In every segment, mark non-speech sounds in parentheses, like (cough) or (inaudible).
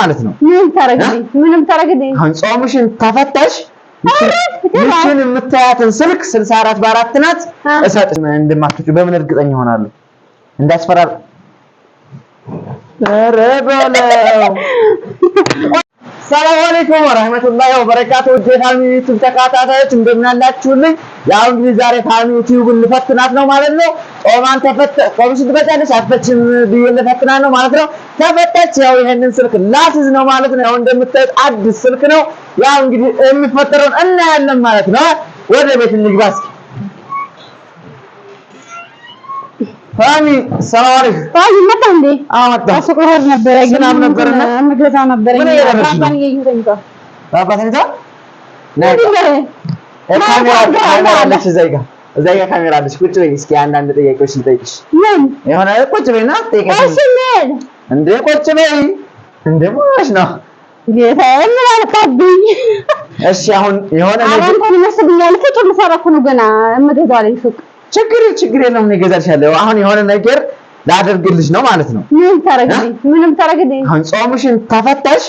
ማለት ነው። ምንም ታረግልኝ ምንም ታረግልኝ። አሁን ጾምሽን ተፈተሽ ይችን የምታያትን ስልክ 64 በአራት ናት እሰጥሽ። እንደማትወጪው በምን እርግጠኛ እሆናለሁ? እንዳስፈራ ኧረ በለው። ሰላም አለይኩም ወራህመቱላሂ ወበረካቱ። ዩቲዩብ ተከታታዮች እንደምን አላችሁልኝ? ያው እንግዲህ ዛሬ ታሚ ዩቲዩብ ልፈትናት ነው ማለት ነው። ኦማን ተፈተ ጾም ስትፈታለች አትፈችም ብዬ ልፈትናት ነው ማለት ነው። ተፈታች። ያው ይሄንን ስልክ ላስይዝ ነው ማለት ነው። ያው እንደምታዩት አዲስ ስልክ ነው። ያው እንግዲህ የሚፈጠረውን እናያለን ማለት ነው። ወደ ቤት እንግባ እስኪ። ታሚ ሰላም አለይኩም። ታሚ መጣ እንዴ? አዎ መጣ። አሱቅ ልሄድ ነበረ ግን ምግብ ልገዛ ነበረ። ምን እየደረስሽ ነው? ባባ ተኝታ ነይ ካሜራ ካሜራ አለች። ቁጭ በይ እስኪ አንዳንድ ጥያቄዎች ልጠይቅሽ። ምን የሆነ ቁጭ ጠይቀሽ። ምን እንደ ቁጭ በይ እንደ ነው ምን እሺ አሁን የሆነ ነገር አሁን ነው ገና አለኝ ሱቅ። ችግር ችግር የለውም እኔ እገዛልሻለሁ። አሁን የሆነ ነገር ላደርግልሽ ነው ማለት ነው። ምን ታረግልኝ? ምንም ታረግልኝ። አሁን ጾምሽን ተፈታሽ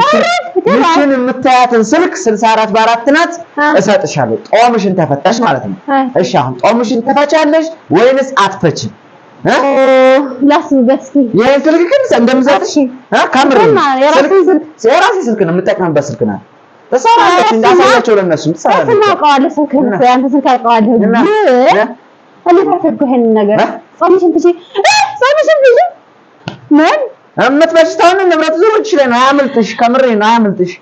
ይችን የምታያትን ስልክ 64 በአራት ናት እሰጥሻለሁ። ጦምሽን ተፈታሽ ማለት ነው። እሺ አሁን ጦምሽን ተፈቻለሽ ወይንስ አትፈችም? ላስብበት። ይሄን ስልክ ግን እንደምሰጥሽ ከምር የራሴ ስልክ ነው የምጠቀምበት ስልክ ናት። ተሳራለች እንዳሳያቸው ለነሱ ተሳራለች። እናውቀዋለሁ ስልክ ነው ያንተ ስልክ አውቀዋለሁ። ግን ነገር ጾምሽን ትጂ ጾምሽን ትጂ ምን እምትመጭታውን ንብረት ዙር ይችላል። አያምልጥሽ፣ ነው አያምልጥሽ።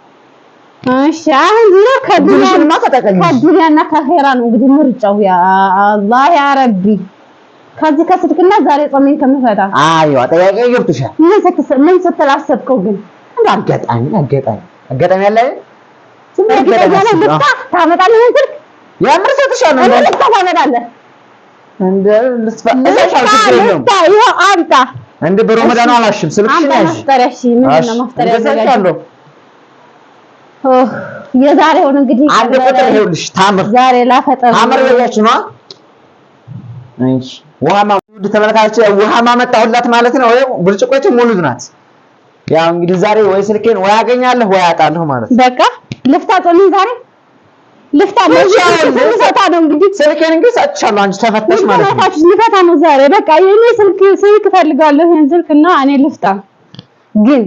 እሺ አሁን ዙሪያ ከዱንያና ከዱንያና ከኺራ ነው እንግዲህ ምርጫው። ያ አላህ ያ ረቢ ከዚህ ከስልክና ዛሬ ጾሜን ከምፈታ አይዋ ጥያቄ ይገብትሻል። ምን ስትል አሰብከው? ግን እንደ አጋጣሚ አጋጣሚ አጋጣሚ ያለ ታመጣለህ ስልክ የምር ሰጥሻለሁ። ልታመጣለህ እንደ ልስፋ እዛሽ አልኩት ነው ይኸው አምጣ እንደ በረመዳን አላሽም ስልክሽ የዛሬውን እንግዲህ አንድ ቁጥር ይኸውልሽ፣ ታምር ዛሬ ላፈጠር ታምር ብያችሁ ነው። እሺ ውሃማ ውድ ተመልካቾች ውሃማ መጣሁላት ማለት ነው። ወይ ብርጭቆችን ሙሉ ናት። ያው እንግዲህ ዛሬ ወይ ስልኬን ወይ አገኛለሁ ወይ አጣለሁ ማለት ነው። በቃ ልፍታጦ ምን ዛሬ ልፍታ ነው ልፈታ ነው እንግዲህ ስልኬን እንግዲህ ሰጥቻለሁ። አንቺ ተፈተሽ ማለት ነው። ልፈታ ነው ዛሬ በቃ የኔ ስልክ ስልክ እፈልጋለሁ። ይሄን ስልክ እና እኔ ልፍታ ግን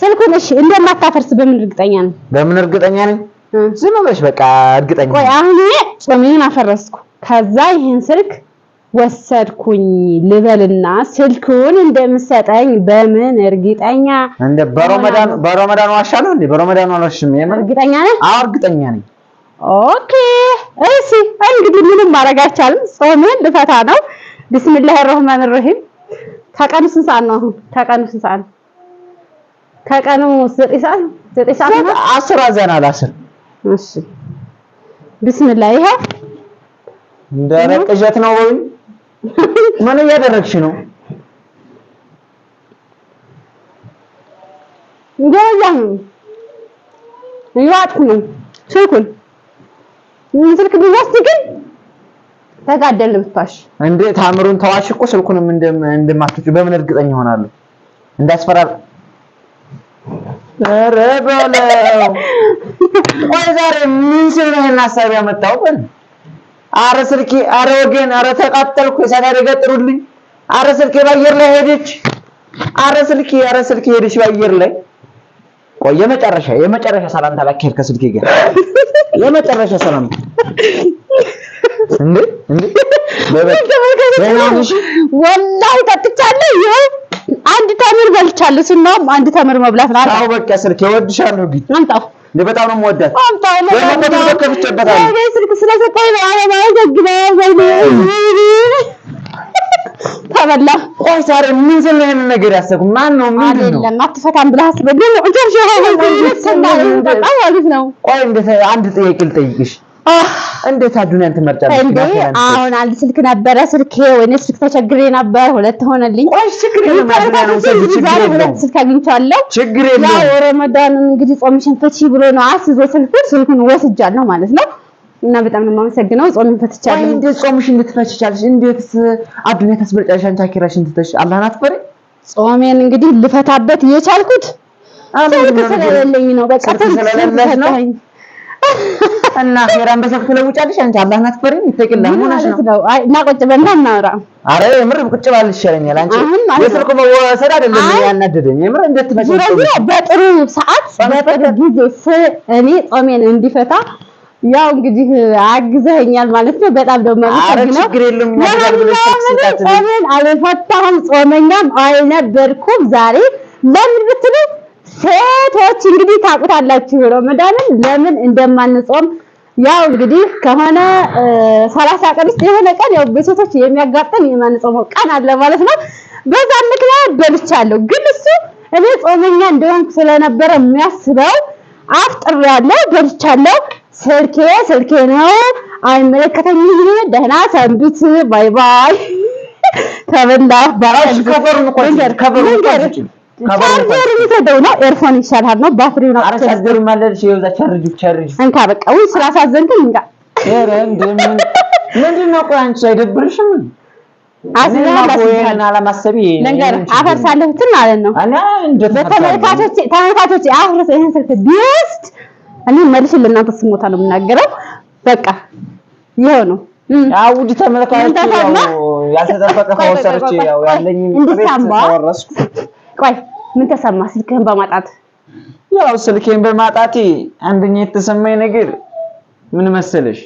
ስልኩን እሺ እንደማታፈርስ በምን እርግጠኛ ነኝ? በምን እርግጠኛ ነኝ? ዝም ብለሽ በቃ እርግጠኛ ቆይ አሁን እኔ ጾሜን አፈረስኩ። ከዛ ይሄን ስልክ ወሰድኩኝ ልበልና ስልኩን እንደምሰጠኝ በምን እርግጠኛ? እንደ በረመዳን በረመዳን ዋሻለሁ እንዴ? በረመዳን ዋሻለሁ እርግጠኛ ነኝ። አዎ እርግጠኛ ነኝ። ኦኬ እሺ እንግዲህ ምንም ማድረግ አይቻልም። ጾሜን ልፈታ ነው። ቢስሚላሂ ራህማን ራሂም። ከቀኑ ስንት ሰዓት ነው አሁን? ከቀኑ ስንት ሰዓት ነው? ከቀኑ ዘጠኝ ሰዓት ዘጠኝ ሰዓት አስር አዘናል። አስር እሺ። ነው ወይ ምን እያደረግሽ ነው? ነው ስልኩን ምን ስልክ ቢወስድ ግን ተጋደል ብትዋሽ እንዴ? ታምሩን ተዋሽ እኮ ስልኩንም እንደማትጩ በምን እርግጠኛ እሆናለሁ? እንዳስፈራር ኧረ በለው። ቆይ ዛሬ ምን ሲል ነው ይሄን ሀሳብ ያመጣው? ግን አረ ስልኬ፣ አረ ወገን፣ አረ ተቃጠልኩ፣ የሳት ገጥሩልኝ። አረ ስልኬ ባየር ላይ ሄደች፣ አረ ስልኬ፣ አረ ስልኬ ሄደች ባየር ላይ ቆይ የመጨረሻ የመጨረሻ ሰላምታ ላካሄድ ከስልኬ ጋር የመጨረሻ ሰላምታ እንዴ እንዴ ወላሂ ጠጥቻለሁ። ይኸው አንድ ተምር በልቻለሁ። ሱናም አንድ ተምር መብላት ነው። አዎ በቃ ስልክ እወድሻለሁ። ግድ አምጣው እንደ በጣም ነው የምወዳት። አምጣው ነው ነው ነው ነው ነው ነው ነው ነው ነው ተበላ ቆይ፣ ሳሪ ምን ስለ ይሄን ነገር ያሰብኩ ማን ነው? ምንድን አትፈታም ብለህ አስበህ ነው። ቆይ አንድ ጥያቄ ልጠይቅሽ። እንዴት አዱናን ትመርጫለሽ? አሁን አንድ ስልክ ነበረ፣ ስልኬ ወይኔ ስልክ ተቸግሬ ነበር፣ ሁለት ሆነልኝ። ቆይ ችግር የለም ሁለት ስልክ አግኝቻለሁ። ችግር የለም። ያው ረመዳን እንግዲህ ጾምሽን ፈቺ ብሎ ነው አስይዞ ስልኩን ስልኩን ወስጃለሁ ማለት ነው። እና በጣም ነው የማመሰግነው። ጾምን ፈትቻለሁ። ወይ እንዴት ጾምሽ እንድትፈች እንዴትስ እንዴት አድነከስ በልጫሽን ትተሽ አላህን አትፈሪ? ጾሜን እንግዲህ ልፈታበት የቻልኩት ስልክ ስለሌለኝ ነው። በቃ ስለሌለሽ ነው። እና ትለውጫለሽ። አንቺ አትፈሪም? ይተቅላ ነው። አይ እና ቁጭ እናውራ። አረ የምር ቁጭ ይሻለኛል። አንቺ የስልኩ መወሰድ አይደለም ያናደደኝ። የምር እንዴት በጥሩ ሰዓት በጥሩ ጊዜ እኔ ጾሜን እንዲፈታ ያው እንግዲህ አግዘኸኛል ማለት ነው። በጣም ደግሞ ጾምን አልፈታሁም፣ ጾመኛም አልነበርኩም። ዛሬ ለምን ብትሉ ሴቶች እንግዲህ ታውቁታላችሁ ረመዳንን ለምን እንደማንጾም ያው እንግዲህ ከሆነ ሰላሳ ቀን ውስጥ የሆነ ቀን ያው በሴቶች የሚያጋጥም የማንጾመው ቀን አለ ማለት ነው። በዛ ምክንያት በልቻለሁ፣ ግን እሱ እኔ ጾመኛ እንደሆንኩ ስለነበረ የሚያስበው አፍጥሬያለሁ፣ በልቻለሁ ስልኬ ስልኬ ነው፣ አይመለከተኝም። ደህና ሰንብት፣ ባይ ባይ ተበላሽ። ቻርጀር የሚሰደው ነው፣ ኤርፎን ይሻላል ነው፣ ባትሪ ነው። በቃ ውይ፣ ስላሳዘንከኝ እንካ። ምንድን ነው ቆይ፣ አንቺ አይደብርሽም? አፈርሳለሁ እንትን ማለት ነው። ተመልካቾቼ ይሄን ስልክ ቢወስድ እኔ መልሼ ለእናንተ ስሞታ ነው የምናገረው። በቃ ይኸው ነው። አውድ ተመልካች ያልተጠበቀ ሰርቼ ምን ተሰማ? ስልክህን በማጣት ያው ስልኬን በማጣቴ አንደኛ የተሰማኝ ነገር ምን መሰለሽ?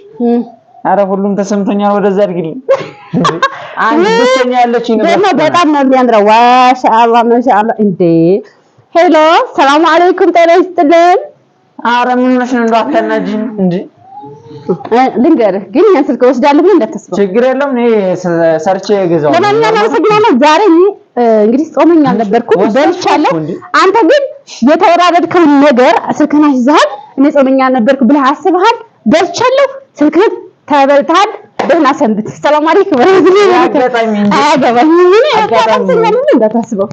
አረ ሁሉም ተሰምቶኛል። ወደዛ አድርግልኝ። (laughs) አንድ ብቻኛ ያለች ይነበረ በጣም ነው የሚያምረው። ማሻአላ ማሻአላ። እንዴ ሄሎ፣ ሰላም አለይኩም ጤና ይስጥልን። ኧረ ምን ሆነሽ ነው? እንደው አታናጂኝ እንጂ ልንገርህ ግን ያን ስልክ ወስዳለሁ ብለህ እንዳታስበው። ችግር የለውም እኔ ሰርቼ እገዛው። ለማንኛውም አመሰግናለሁ። ዛሬ እንግዲህ ጾመኛ አልነበርኩም በልቻለሁ። አንተ ግን የተወራረድከው ነገር ስልክህን ይዘሃል። እኔ ጾመኛ አልነበርኩም ብለህ አስበሃል። በልቻለሁ። ስልክህን ተበልተሃል። ደህና ሰንብት። ሰላም አለይኩም ወራህመቱላሂ ወበረካቱህ። አያገባኝም እኔ እንዳታስበው